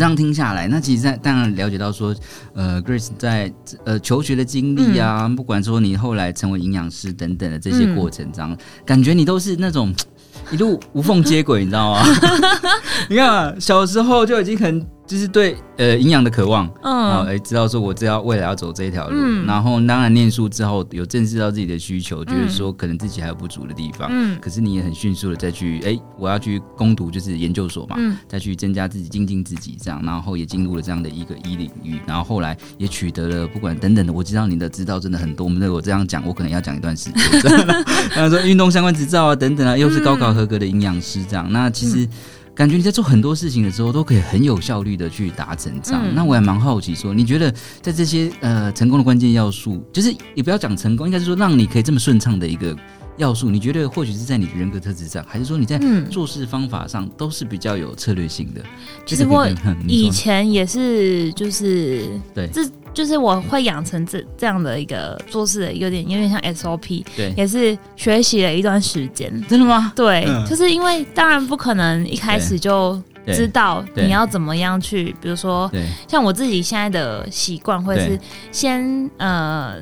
這樣聽下來，那其實在當然了解到說，呃，Grace 在呃求學的經歷啊，嗯、不管說你後來成為營養師等等的這些過程，這樣、嗯、感覺你都是那種一路無縫接軌，你知道嗎？ 你看，小時候就已經很。就是對呃營養的渴望，嗯，哎、欸，知道說我知道未來要走這一條路，嗯、然後當然念書之後有正視到自己的需求，就是、嗯、說可能自己還有不足的地方，嗯，可是你也很迅速的再去哎、欸，我要去攻讀就是研究所嘛，嗯、再去增加自己、精進自己，這樣，然後也進入了這樣的一個一領域，然後後來也取得了不管等等的，我知道你的執照真的很多，我們的我這樣講，我可能要講一段時間，然後、嗯、 說運動相關執照啊等等啊，又是高考合格的營養師，這樣，嗯、那其實。嗯感覺你在做很多事情的時候，都可以很有效率的去達成。這樣、嗯，那我也蠻好奇說，說你覺得在這些呃成功的關鍵要素，就是也不要講成功，應該是說讓你可以這麼順暢的一個要素，你覺得或許是在你人格特質上，還是說你在做事方法上都是比較有策略性的？嗯、其實我以前也是，就是對這。就是我會養成這這樣的一個做事的優點有點像 SOP，對，也是學習了一段時間，真的嗎？對，嗯、就是因為當然不可能一開始就知道你要怎麼樣去，比如說對像我自己現在的習慣，會是先對呃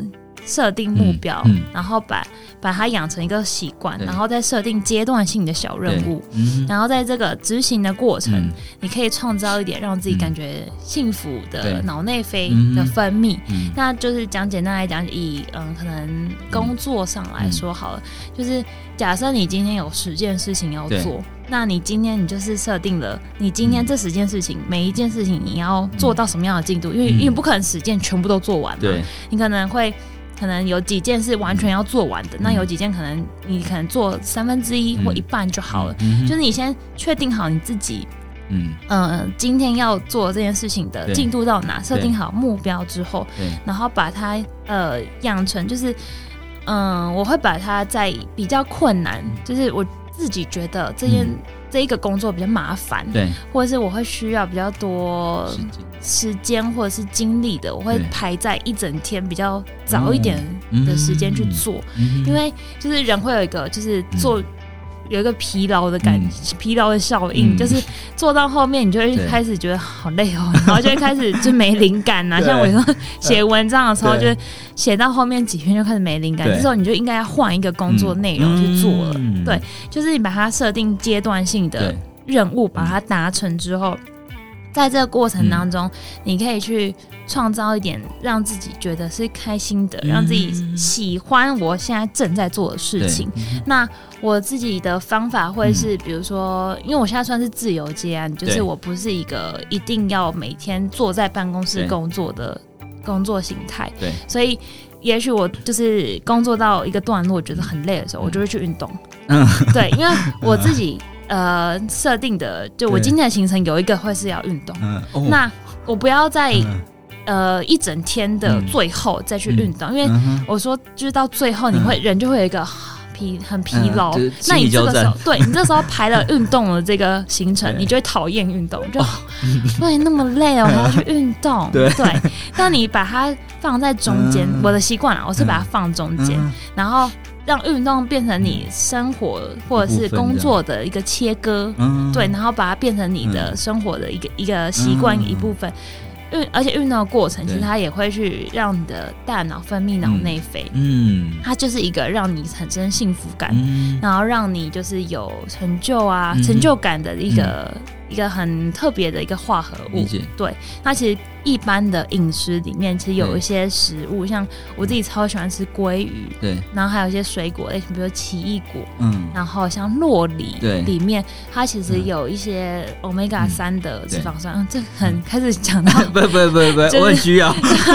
設定目標，嗯嗯、然後把。把它養成一個習慣，然後再設定階段性的小任務，對然後在這個執行的過程，嗯、你可以創造一點讓自己感覺幸福的腦內啡的分泌。嗯、那就是講簡單來講，以嗯可能工作上來說好了，嗯、就是假設你今天有十件事情要做，對那你今天你就是設定了你今天這十件事情，嗯、每一件事情你要做到什麼樣的進度，因為，嗯、因為不可能十件全部都做完嘛，對你可能會。可能有幾件是完全要做完的，嗯、那有幾件可能你可能做三分之一或一半，嗯、就好了。嗯、就是你先確定好你自己，嗯嗯、呃，今天要做這件事情的進度到哪，設對定好目標之後，對然後把它呃養成。就是嗯、呃，我會把它在比較困難，嗯、就是我自己覺得這件。嗯這一個工作比較麻煩，對，或者是我會需要比較多時間或者是精力的，我會排在一整天比較早一點的時間去做，嗯，嗯，嗯，嗯，因為就是人會有一個就是做，嗯。有一個疲勞的感覺，嗯、疲勞的效應，嗯、就是做到後面，你就會開始覺得好累哦，嗯、然後就會開始就沒靈感了、啊。對像我有時候寫文章的時候，就寫到後面幾篇就開始沒靈感，對這時候你就應該要換一個工作內容去做了。嗯嗯嗯、對，就是你把它設定階段性的任務，把它達成之後。在這個過程當中，嗯、你可以去創造一點讓自己覺得是開心的，嗯、讓自己喜歡我現在正在做的事情，嗯、那我自己的方法會是，嗯、比如說，因為我現在算是自由接案，啊，對就是我不是一個一定要每天坐在辦公室工作的工作形態。對，所以也許我就是工作到一個段落，覺得很累的時候，對我就會去運動。嗯，那 對，因為我自己。呃，設定的就我今天的行程有一個會是要運動，嗯哦、那我不要在、嗯、呃一整天的最後再去運動，嗯、因為我說就是到最後你會、嗯、人就會有一個。疲很疲勞，那你這個時候，對，你這時候排了運動的這個行程，你就會討厭運動，就對那麼累哦，還要去運動。對，那你把它放在中間，我的習慣啊，我是把它放中間，然後讓運動變成你生活或者是工作的一個切割，對，然後把它變成你的生活的一個一個習慣一部分。運而且運動的過程其實它也會去讓你的大腦分泌腦內啡，嗯對，它就是一個讓你產生幸福感，嗯、然後讓你就是有成就啊、嗯、成就感的一個、嗯、一個很特別的一個化合物。解對，它其實。一般的飲食裡面其實有一些食物，對像我自己超喜歡吃鮭魚，對，然後還有一些水果類型，比如說奇異果，嗯，然後像酪梨裡，對，裡面它其實有一些 omega 三的脂肪酸，這對、嗯、很開始講到，不不不不，不不不就是、我很需要，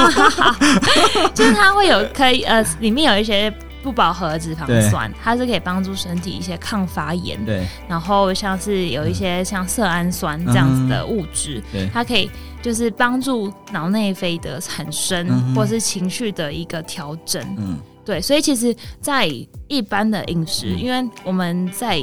就是它會有可以呃，裡面有一些。不飽和脂肪酸，對它是可以幫助身體一些抗發炎，對，然後像是有一些像色胺酸這樣子的物質，嗯、它可以就是幫助腦內啡的產生，嗯、或是情緒的一個調整。嗯，對，所以其實在一般的飲食，因為我們在。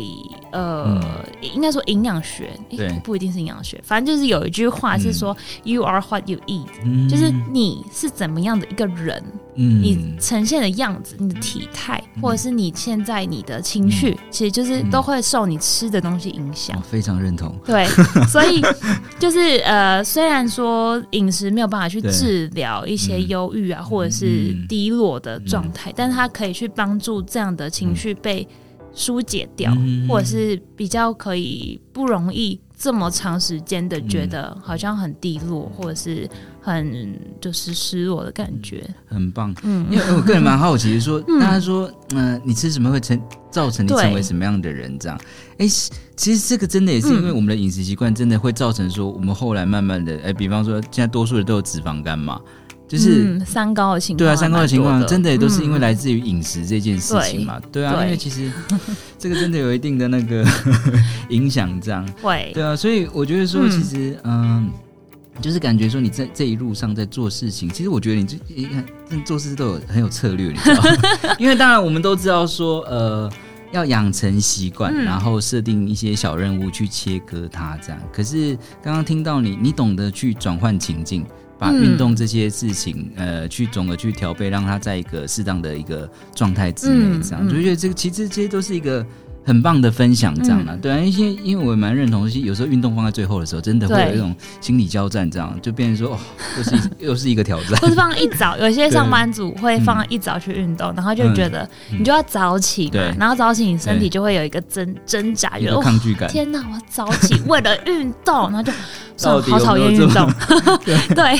呃，應該說營養學，對，不一定是營養學，反正就是有一句話是說，You are what you eat，就是你是怎麼樣的一個人，你呈現的樣子、你的體態，或者是你現在你的情緒，其實就是都會受你吃的東西影響。非常認同，對，所以就是呃，雖然說飲食沒有辦法去治療一些憂鬱啊，或者是低落的狀態，但是它可以去幫助這樣的情緒被。疏解掉，或者是比較可以不容易這麼長時間的覺得好像很低落，或者是很就是失落的感覺。嗯、很棒，嗯，因為我個人蠻好奇的說，嗯、大家說，嗯、呃，你吃什麼會成造成你成為什麼樣的人？這樣，哎對、欸，其實這個真的也是因為我們的飲食習慣，真的會造成說我們後來慢慢的，哎、欸，比方說現在多數人都有脂肪肝嘛。就是、嗯、三高的情況，對啊，三高的情況、嗯、真的也都是因為來自於飲食這件事情嘛，對，對啊，對，因為其實這個真的有一定的那個 影響，這樣，對，對啊，所以我覺得說，其實，嗯、呃，就是感覺說你在這一路上在做事情，其實我覺得你這一、欸、做事都有很有策略，你知道嗎？ 因為當然我們都知道說，呃，要養成習慣，嗯、然後設定一些小任務去切割它，這樣。可是剛剛聽到你，你懂得去轉換情境。把運動這些事情，呃，去總的去調配，讓他在一個適當的一個狀態之內，這樣，就覺得這個其實這些都是一個很棒的分享，這樣的，對啊，一些因為我蠻認同，有時候運動放在最後的時候，真的會有一種心理交戰，這樣就變成說，哦，又是又是一個挑戰。不是放一早，有些上班族會放一早去運動，然後就覺得你就要早起嘛，然後早起你身體就會有一個掙掙扎，有抗拒感。天哪，我早起為了運動，然後就。好討厭運動，對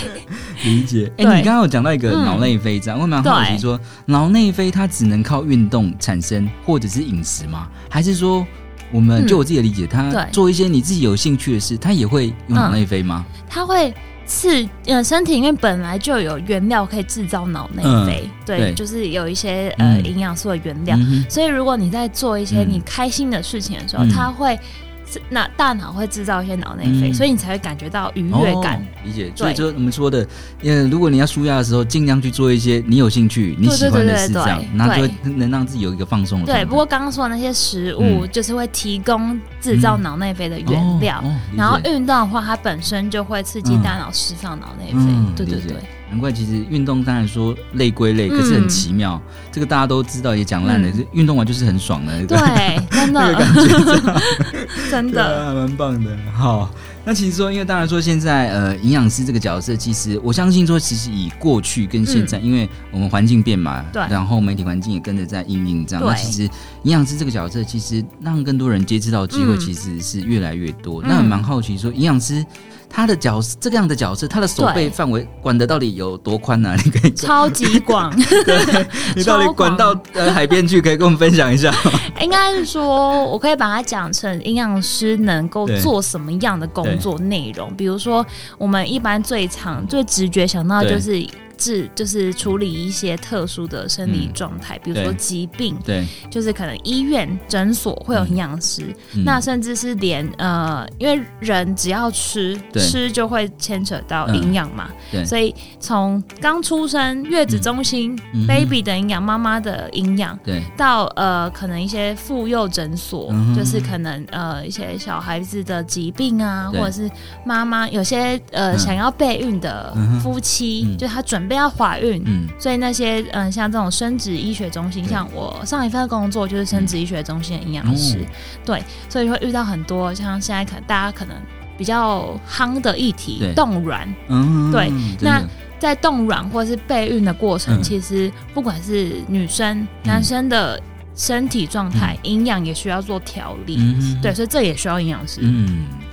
理解。哎，你剛剛有講到一個腦內啡，這樣，會蠻好奇說腦內啡它只能靠運動產生，或者是飲食嗎？還是說我們就我自己的理解，他做一些你自己有興趣的事，他也會用腦內啡嗎？他會是呃，身體裡面本來就有原料可以製造腦內啡，對，就是有一些呃營養素的原料，所以如果你在做一些你開心的事情的時候，他會。那大腦會制造一些腦內啡，嗯、所以你才會感覺到愉悅感、哦。理解，對所以就我們說的，因為如果你要舒壓的時候，儘量去做一些你有興趣、你喜歡的事情，那就能讓自己有一個放鬆的。對，不過剛剛說的那些食物，嗯、就是會提供制造腦內啡的原料。嗯哦哦、然後運動的話，它本身就會刺激大腦釋放腦內啡。嗯、對對對。嗯難怪，其實運動當然說累歸累，可是很奇妙。嗯、這個大家都知道，也講爛了。運、嗯、動完就是很爽的、嗯那個，對，真的 感覺 真的，真的蠻棒的。好，那其實說，因為當然說現在呃，營養師這個角色，其實我相信說，其實以過去跟現在，嗯、因為我們環境變嘛，對然後媒體環境也跟着在應運這樣。對那其實營養師這個角色，其實讓更多人接觸到機會，其實是越來越多。嗯、那蠻好奇說，營養師。他的角色這樣的角色，他的手背範圍管得到底有多寬呢、啊？對你可以超級廣，你到底管到超廣 呃海邊去，可以跟我們分享一下？應該是說，我可以把它講成營養師能夠做什麼樣的工作內容，對對比如說我們一般最常、最直覺想到的就是。治就是處理一些特殊的生理狀態，比如說疾病，對，就是可能醫院診所會有營養師，那甚至是連呃，因為人只要吃吃就會牽扯到營養嘛，對，所以從剛出生月子中心 baby 的營養，媽媽的營養，對，到呃可能一些婦幼診所，就是可能呃一些小孩子的疾病啊，或者是媽媽有些呃想要備孕的夫妻，就他準備，要懷孕，所以那些嗯，像這種生殖醫學中心，像我上一份工作就是生殖醫學中心的營養師，對，所以會遇到很多像現在可能大家可能比較夯的議題，凍卵，對，那在凍卵或者是備孕的過程，其實不管是女生、男生的身體狀態，營養也需要做調理，對，所以這也需要營養師，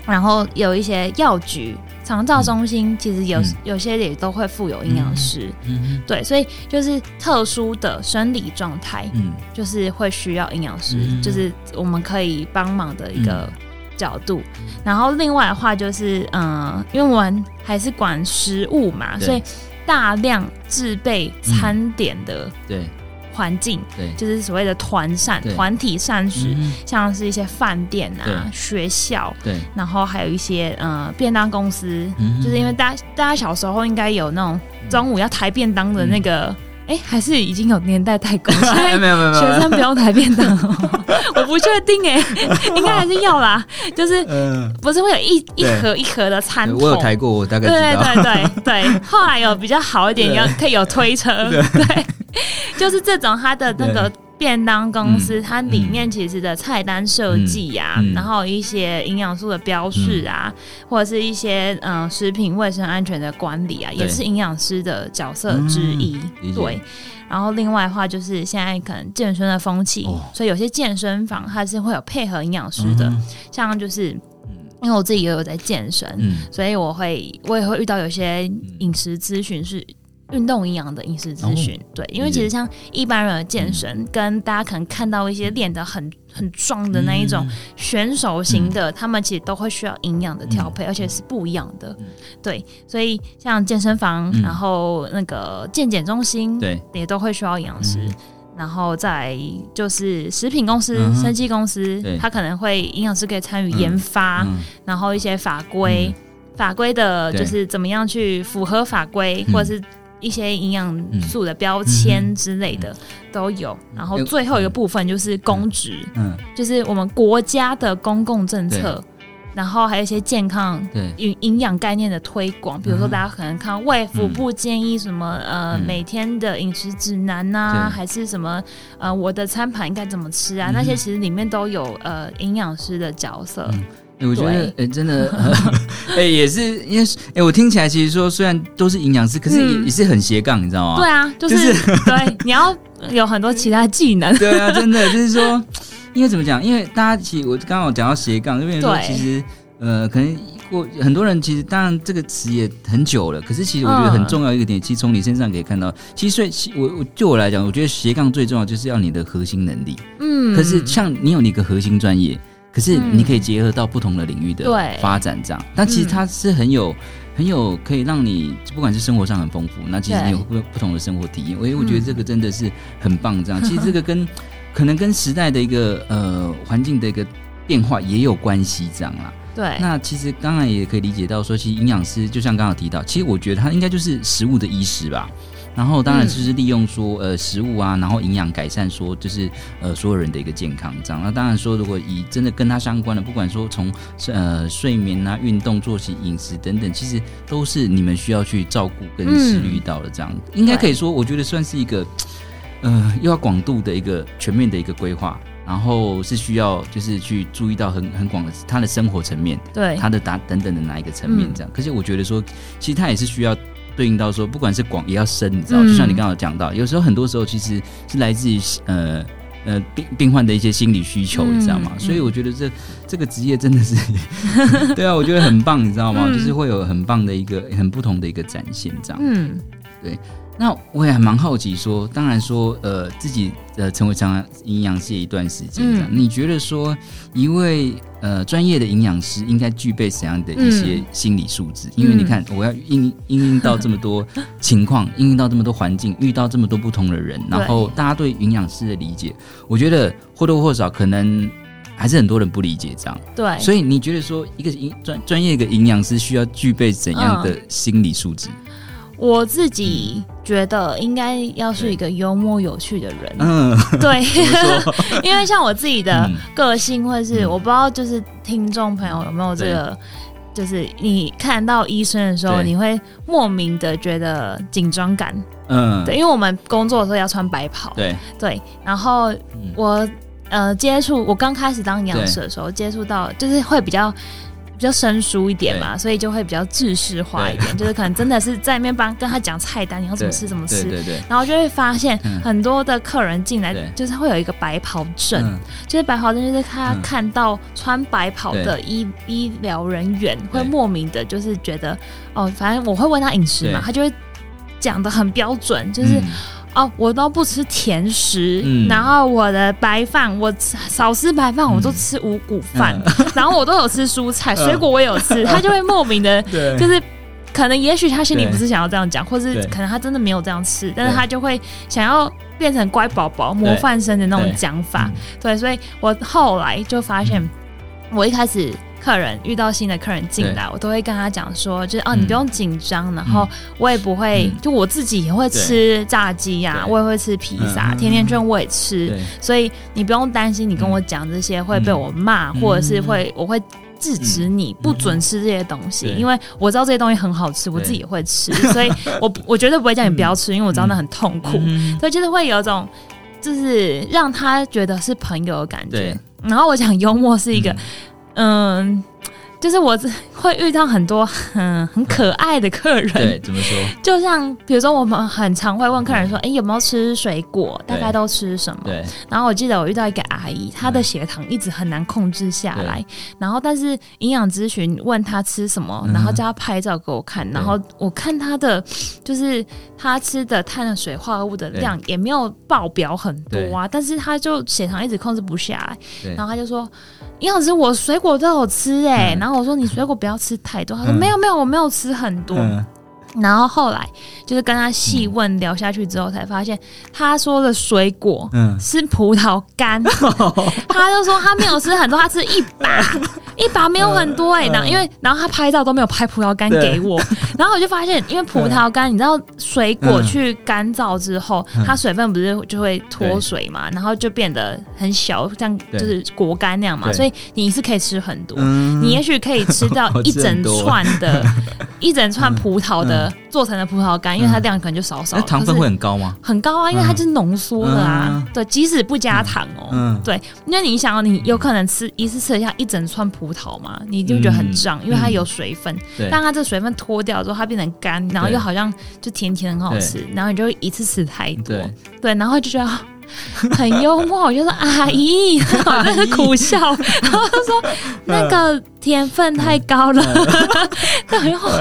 然後有一些藥局。長照中心其實有、嗯、有些也都會附有營養師，嗯嗯嗯、對，所以就是特殊的生理狀態，嗯、就是會需要營養師，嗯、就是我們可以幫忙的一個角度、嗯嗯嗯。然後另外的話就是，嗯、呃，因為我們還是管食物嘛，對所以大量製備餐點的、嗯。對。環境，對，就是所謂的團膳、團對體膳食，嗯、哼像是一些飯店啊、對學校，對，然後還有一些呃便當公司，嗯、哼就是因為大家大家小時候應該有那種中午要抬便當的那個。哎、欸，還是已經有年代太久，現在學生不用抬便當，台便當、 哦，我不確定哎、欸，應該還是要啦，好 就是不是會有一對一盒一盒的餐、呃，我有抬過，大概對對對對對，後來有比較好一點，要可以有推車，對，對，對，對，就是這種它的那個。便當公司，嗯、它裡面其實的菜單設計啊，嗯嗯、然後一些營養素的標示啊，嗯、或者是一些嗯、呃、食品衛生安全的管理啊，對也是營養師的角色之一。對，然後另外的話，就是現在可能健身的風氣，哦、所以有些健身房它是會有配合營養師的，嗯、哼像就是因為我自己也有，有在健身，嗯、所以我會我也會遇到有些飲食諮詢是。運動營養的飲食諮詢，對，因為其實像一般人的健身，跟大家可能看到一些練得很很壯的那一種選手型的，他們其實都會需要營養的調配，而且是不一樣的。對，所以像健身房，然後那個健檢中心，對，也都會需要營養師。然後再就是食品公司、生技公司，他可能會營養師可以參與研發，然後一些法規，法規的就是怎麼樣去符合法規，或者是。一些營養素的標籤之類的都有，然後最後一個部分就是公職，嗯，就是我們國家的公共政策，然後還有一些健康營營養概念的推廣，比如說大家可能看衛福部建議什麼，呃，每天的飲食指南吶、啊，還是什麼，呃，我的餐盤應該怎麼吃啊？那些其實裡面都有呃營養師的角色。欸、我覺得，哎對、欸，真的，哎、呃欸，也是因為，哎、欸，我聽起來其實說，雖然都是營養師，嗯、可是也是很斜槓，你知道嗎？對啊，就是、就是、對，你要有很多其他技能。對啊，真的就是說，因為怎麼講？因為大家其實，我剛好講到斜槓，因為其實，對呃，可能過很多人其實當然這個詞也很久了，可是其實我覺得很重要一個點，嗯、其實從你身上可以看到。其實，所以，我我就我來講，我覺得斜槓最重要就是要你的核心能力。嗯。可是，像你有一個核心專業。可是你可以結合到不同的領域的發展，這樣。嗯嗯、但其實它是很有、很有可以讓你，不管是生活上很豐富，那其實你有不不同的生活體驗。我對、欸，我覺得這個真的是很棒，這樣。嗯、其實這個跟呵呵可能跟時代的一個呃環境的一個變化也有關係，這樣啦。對。那其實剛才也可以理解到說，說其實營養師就像剛剛提到，其實我覺得它應該就是食物的醫師吧。然後當然就是利用說、嗯、呃食物啊，然後營養改善說就是呃所有人的一個健康這樣。那、啊、當然說如果以真的跟他相關的，不管說從呃睡眠啊、運動、作息、飲食等等，其實都是你們需要去照顧跟注意到的這樣。嗯、應該可以說，我覺得算是一個對呃又要廣度的一個全面的一個規劃，然後是需要就是去注意到很很廣的他的生活層面，對他的哪等等的哪一個層面這樣。嗯、可是我覺得說，其實他也是需要。對應到說，不管是廣也要深，你知道，嗯、就像你剛剛講到，有時候很多時候其實是來自於呃呃病病患的一些心理需求，嗯、你知道嗎？嗯、所以我覺得這這個職業真的是， 對啊，我覺得很棒，你知道嗎？嗯、就是會有很棒的一個很不同的一個展現，這樣，嗯，對。那我也還蠻好奇說，說當然說，呃，自己呃成為像營養師一段時間，嗯、你覺得說一位呃專業的營養師應該具備怎樣的一些心理素質？嗯、因為你看，嗯、我要因，因應到這麼多情況，因 應到這麼多環境，遇到這麼多不同的人，然後大家對營養師的理解，對我覺得或多或少可能還是很多人不理解這樣。對，所以你覺得說一個營專專業的營養師需要具備怎樣的心理素質？哦我自己覺得應該要是一個幽默有趣的人，嗯，對， 因為像我自己的個性會是，或者是我不知道，就是聽眾朋友有沒有這個，對就是你看到醫生的時候，對你會莫名的覺得緊張感，嗯，對，因為我們工作的時候要穿白袍，對對，然後我、嗯、呃接觸，我剛開始當營養師的時候，對接觸到就是會比較。比較生疏一點嘛，對所以就會比較制式化一點，對就是可能真的是在裡面幫跟他講菜單，對你要怎麼吃怎麼吃，對對對，然後就會發現很多的客人進來，就是他會有一個白袍症，對就是白袍症就是他看到對穿白袍的醫醫療人員會莫名的，就是覺得對哦，反正我會問他飲食嘛，對他就會講得很標準，就是。嗯哦，我都不吃甜食，然後我的白飯我少吃白飯，我都吃五穀飯，然後我都有吃蔬菜、水果，我有吃。他就會莫名的，就是可能也許他心裡不是想要這樣講，或是可能他真的沒有這樣吃，但是他就會想要變成乖寶寶、模範生的那種講法。對，所以我後來就發現，我一開始。客人遇到新的客人進來，我都會跟他講說，就是啊，你不用緊張。然後我也不會，就我自己也會吃炸雞呀，我也會吃披薩，甜甜圈我也吃。所以你不用擔心，你跟我講這些會被我罵，或者是會我會制止你不准吃這些東西，因為我知道這些東西很好吃，我自己也會吃，所以我我絕對不會叫你不要吃，因為我知道那很痛苦。所以就是會有種，就是讓他覺得是朋友的感覺。然後我講幽默是一個。嗯，就是我會遇到很多很很可愛的客人。嗯、對，怎麼說？就像比如說，我們很常會問客人說：“哎、嗯，有沒有吃水果？嗯、大概都吃什麼？”嗯、對。然後我記得我遇到一個阿姨，她的血糖一直很難控制下來。嗯、然後，但是營養諮詢問她吃什麼，然後叫她拍照給我看。嗯、然後我看她的，就是她吃的碳水化合物的量也沒有爆表很多啊，嗯、但是她就血糖一直控制不下來。嗯、然後她就說……楊老師，我水果都有吃哎、欸，嗯、然後我說，你水果不要吃太多。他說，沒有沒有，我沒有吃很多。嗯嗯、然後後來就是跟他細問聊下去之後，嗯、才發現他說的水果、嗯、是葡萄乾，哦、他就說他沒有吃很多，他吃一把。嗯 一把沒有很多哎，然後因為然後他拍照都沒有拍葡萄乾給我，然後我就發現，因為葡萄乾你知道水果去乾燥之後，它水分不是就會脫水嘛，然後就變得很小，像就是果乾那樣嘛，所以你是可以吃很多，你也許可以吃到一整串的，一整串葡萄的做成的葡萄乾，因為它量可能就少少，糖分會很高嗎？很高啊，因為它就是濃縮的啊，對，即使不加糖哦，對，因為你想要你有可能吃一次吃下一整串葡。葡萄嘛，嗯嗯、你就覺得很脹，因為它有水分。當對它這水分脫掉之後，它變成乾，然後又好像就甜甜很好吃，對然後你就一次吃太多，對，對，然後就覺得很幽默。 我就說阿、啊、姨，好像是苦笑，啊、然後他說那個甜分太高了，啊、 很好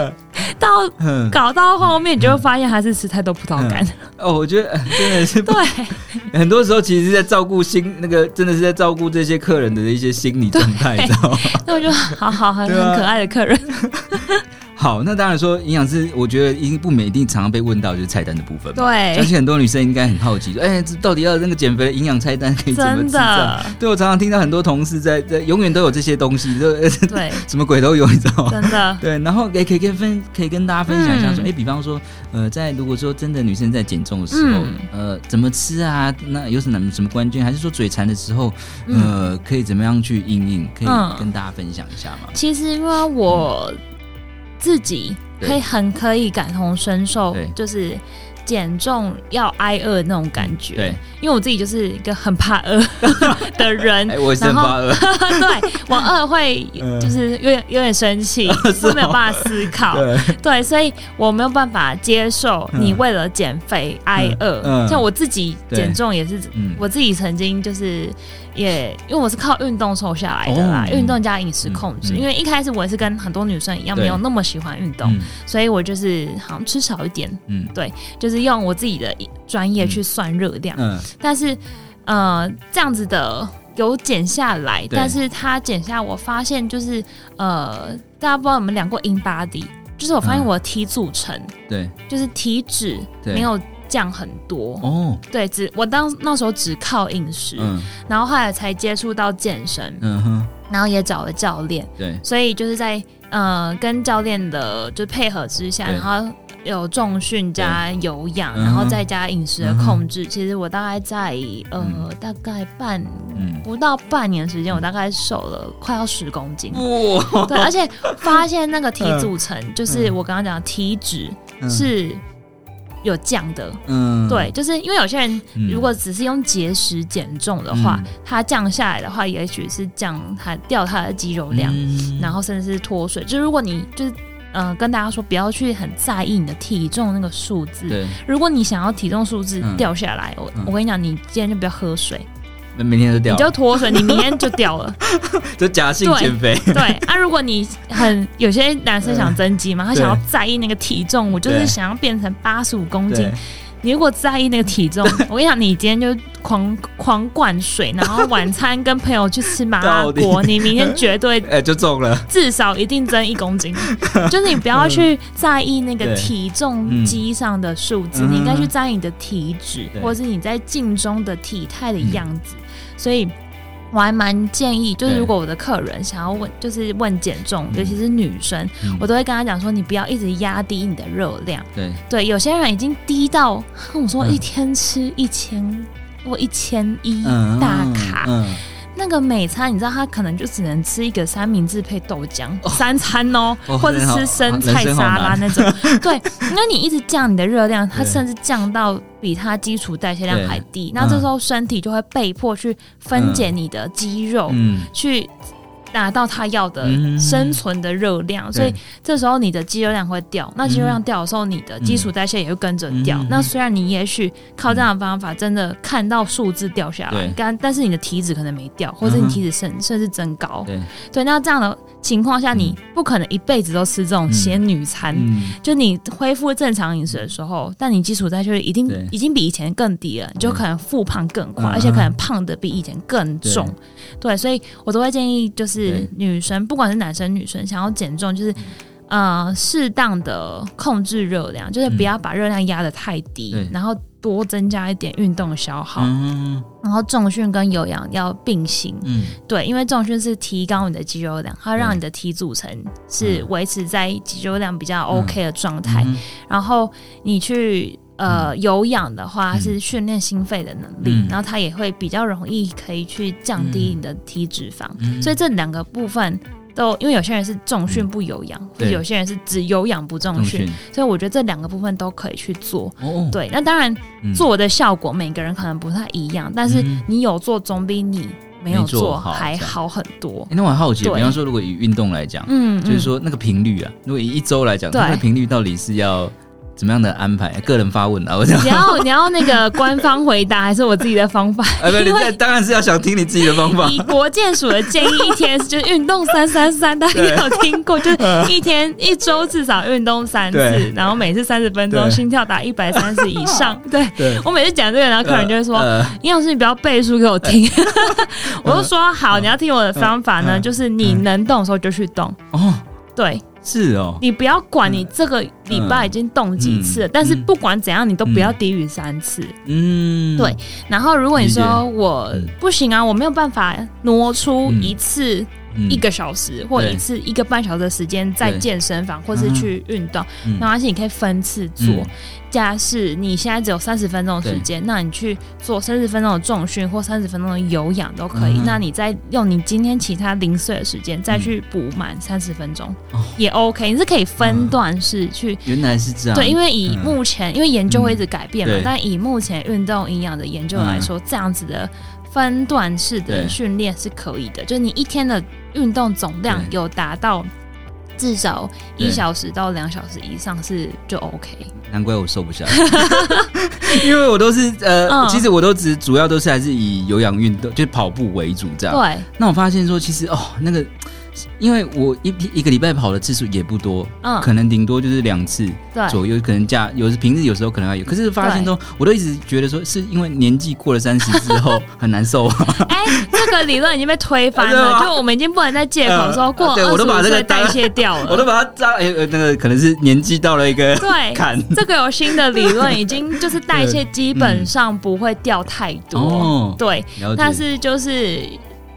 到、嗯、搞到後面，你就會發現他是吃太多葡萄乾、嗯嗯。哦，我覺得真的是對。很多時候，其實是在照顧心，那個真的是在照顧這些客人的一些心理狀態，對你知道嗎？那我就好好很吧很可愛的客人。 好，那當然說營養師，我覺得營不美一定常常被問到就是菜單的部分。對，相信很多女生應該很好奇說，哎、欸，這到底要那個減肥營養菜單可以怎麼吃？真的，對，我常常聽到很多同事在在永遠都有這些東西，都對什麼鬼都有，你知道嗎？真的，對，然後也可，可，可以分，可以跟大家分享一下說，說哎、嗯、欸，比方說，呃，在如果說真的女生在減重的時候，嗯、呃，怎麼吃啊？那有什麼什麼關鍵？還是說嘴饞的時候，呃、嗯、可以怎麼樣去應應？可以跟大家分享一下嘛、嗯？其實因為我。嗯自己可以很可以感同身受，對就是。減重要挨餓那種感覺，對，因為我自己就是一個很怕餓的人，哎，我也很怕餓，對我餓會就是有點有點生氣，我沒有辦法思考，對，所以我沒有辦法接受你為了減肥挨餓，像我自己減重也是，我自己曾經就是也因為我是靠運動瘦下來的啦，運動加飲食控制，因為一開始我是跟很多女生一樣，沒有那麼喜歡運動，所以我就是好像吃少一點，嗯，對，就是。用我自己的專業去算熱量嗯，嗯，但是，呃，這樣子的有減下來，對但是他減下我發現就是，呃，大家不知道有沒有量過 in body，就是我發現我的體組成，啊、對，就是體脂沒有降很多哦，對，只我當那時候只靠飲食，嗯，然後後來才接觸到健身，嗯哼，然後也找了教練，對，所以就是在呃跟教練的就配合之下，對然後。有重訓加有氧，嗯、然後再加飲食的控制。嗯、其實我大概在呃，嗯、大概半、嗯、不到半年的時間，嗯、我大概瘦了快要十公斤。哇 對，而且發現那個體組成，就是我剛剛講的體脂是有降的。嗯，嗯對，就是因為有些人如果只是用節食減重的話，它、嗯嗯、降下來的話，也許是降它掉它的肌肉量，嗯、然後甚至是脫水。就如果你就是。嗯、呃，跟大家說，不要去很在意你的體重那個數字。對如果你想要體重數字掉下來，我、嗯嗯、我跟你講，你今天就不要喝水，那明天就掉，你就脫水， 你明天就掉了，就假性減肥。對，對，啊，如果你很有些男生想增肌嘛，對他想要在意那個體重，我就是想要變成八十五公斤。你如果在意那個體重，我跟你講，你今天就狂 狂灌水，然後晚餐跟朋友去吃麻辣鍋，底你明天絕對哎就重了，至少一定增一公斤。 就是你不要去在意那個體重機上的數字，嗯、你應該去在意你的體脂，嗯、或是你在鏡中的體態的樣子。嗯、所以。我還蠻建議，就是如果我的客人想要問，就是問減重，對尤其是女生，嗯、我都會跟他講說，你不要一直壓低你的熱量。對，對，有些人已經低到跟我說一天吃一千或，嗯、一千一大卡。嗯嗯嗯那個每餐，你知道他可能就只能吃一個三明治配豆漿，哦、三餐哦，或者吃生菜沙拉那種。哦、 對，因為你一直降你的熱量，它甚至降到比它基礎代謝量還低，對那這時候身體就會被迫去分解你的肌肉，嗯嗯、去。達到他要的生存的熱量，嗯、所以這時候你的肌肉量會掉。那肌肉量掉的時候，你的基礎代謝也會跟着掉。嗯嗯嗯、那雖然你也許靠這樣的方法真的看到數字掉下來，但對但是你的體脂可能沒掉，或是你體脂甚、嗯、哼甚至增高。對，對，那這樣的。情況下，你不可能一輩子都吃這種仙女餐。嗯嗯、就你恢復正常飲食的時候，嗯、但你基礎代謝率一定已經比以前更低了，對你就可能復胖更快，嗯、而且可能胖的比以前更重。嗯、對，對，所以我都會建議，就是女生，對不管是男生女生，想要減重，就是呃，適當的控制熱量，就是不要把熱量壓得太低，嗯、然後。多增加一點運動消耗，嗯、哼然後重訓跟有氧要並行。嗯，對，因為重訓是提高你的肌肉量，它讓你的體組成是維持在肌肉量比較 OK 的狀態。嗯嗯、然後你去呃有氧的話，是訓練心肺的能力，嗯、哼然後它也會比較容易可以去降低你的體脂肪。嗯嗯、所以這兩個部分，都因為有些人是重訓不有氧，嗯、有些人是只有氧不重訓，重訓。所以我覺得這兩個部分都可以去做。哦哦對，那當然做的效果每個人可能不太一樣，嗯、但是你有做總比你沒有做還好很多。欸、那我很好奇，對比方說如果以運動來講，嗯、嗯，就是說那個頻率啊，如果以一周來講，對那個頻率到底是要。怎麼樣的安排？個人發問啊，我想。你要你要那個官方回答，還是我自己的方法？不你這當然是要想聽你自己的方法。以國健署的建議，一天就是運動三三三，大家有聽過？就是一天一周至少運動三次，然後每次三十分鐘，心跳達一百三十以上。對我每次講這個，然後客人就會說：“你要是你不要背書給我聽。”我就說：“好，你要聽我的方法呢，就是你能動的時候就去動。”哦，對。是哦，你不要管你這個禮拜已經動幾次了，嗯嗯嗯、但是不管怎樣，你都不要低於三次。嗯，對。然後，如果你說我不行啊，嗯、我沒有辦法挪出一次。嗯一個小時或一次一個半小時的時間在健身房，或是去運動，那而且你可以分次做。假設你現在只有三十分鐘的時間，那你去做三十分鐘的重訓或三十分鐘的有氧都可以。那你再用你今天其他零碎的時間再去補滿三十分鐘，也 OK。你是可以分段式去，原來是這樣。對，因為以目前因為研究會一直改變嘛，但以目前運動營養的研究來說，這樣子的分段式的訓練是可以的。就是你一天的。運動總量有達到至少一小時到兩小時以上是就 OK。難怪我瘦不下來， 因為我都是呃，嗯、其實我都只主要都是還是以有氧運動，就是跑步為主這樣。對，那我發現說，其實哦，那個。因為我一一個禮拜跑的次數也不多，嗯，可能頂多就是兩次左右，可能假有時平日有時候可能還有，可是發現都我都一直覺得說是因為年紀過了三十之後很難受。哎，這個理論已經被推翻了，就我們已經不能再借口說過，我都把這個代謝掉了，我都把它扎。哎，那個可能是年紀到了一個坎。對，這個有新的理論，已經就是代謝基本上不會掉太多，對，但是就是。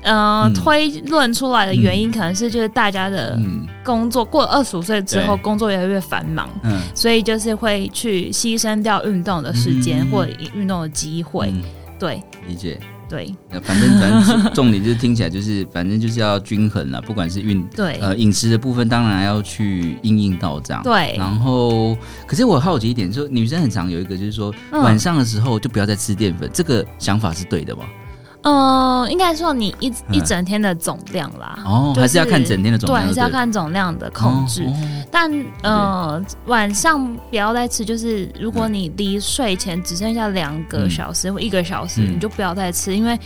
呃，推論出來的原因可能是就是大家的工作過了二十五歲之後，工作越來越繁忙，嗯，所以就是會去犧牲掉運動的時間或運動的機會，對，理解，對，那反正反正重點就是聽起來就是反正就是要均衡了，不管是運對呃飲食的部分，當然要去應用到這樣，對，然後可是我好奇一點，就是女生很常有一個就是說晚上的時候就不要再吃澱粉，這個想法是對的嗎？嗯、呃，應該說你一一整天的總量啦，哦，就是、還是要看整天的總量，對，還是要看總量的控制。哦、但呃，對晚上不要再吃，就是如果你離睡前只剩下兩個小時、嗯、或一個小時，嗯、你就不要再吃，因為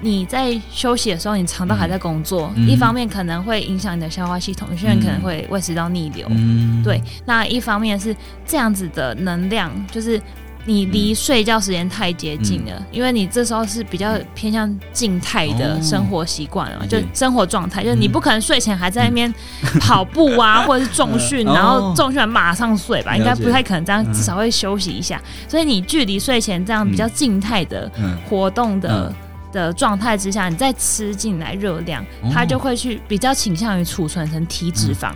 你在休息的時候，你腸道還在工作，嗯、一方面可能會影響你的消化系統，有些人可能會胃食道逆流，嗯、對。那一方面是這樣子的能量，就是。你離睡覺時間太接近了，因為你這時候是比較偏向靜態的生活習慣了嘛，就生活狀態，就是你不可能睡前還在那邊跑步啊，或者是重訓，然後重訓完馬上睡吧，應該不太可能這樣，至少會休息一下。所以你距離睡前這樣比較靜態的活動的的狀態之下，你再吃進來熱量，它就會去比較傾向於儲存成體脂肪，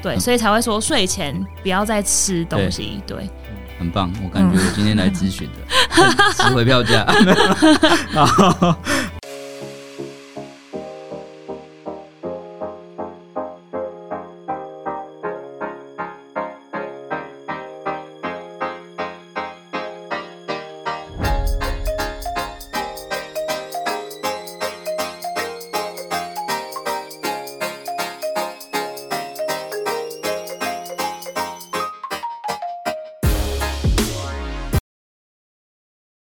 對，所以才會說睡前不要再吃東西，對。很棒，我感覺我今天來諮詢的值回，嗯、票價。 然後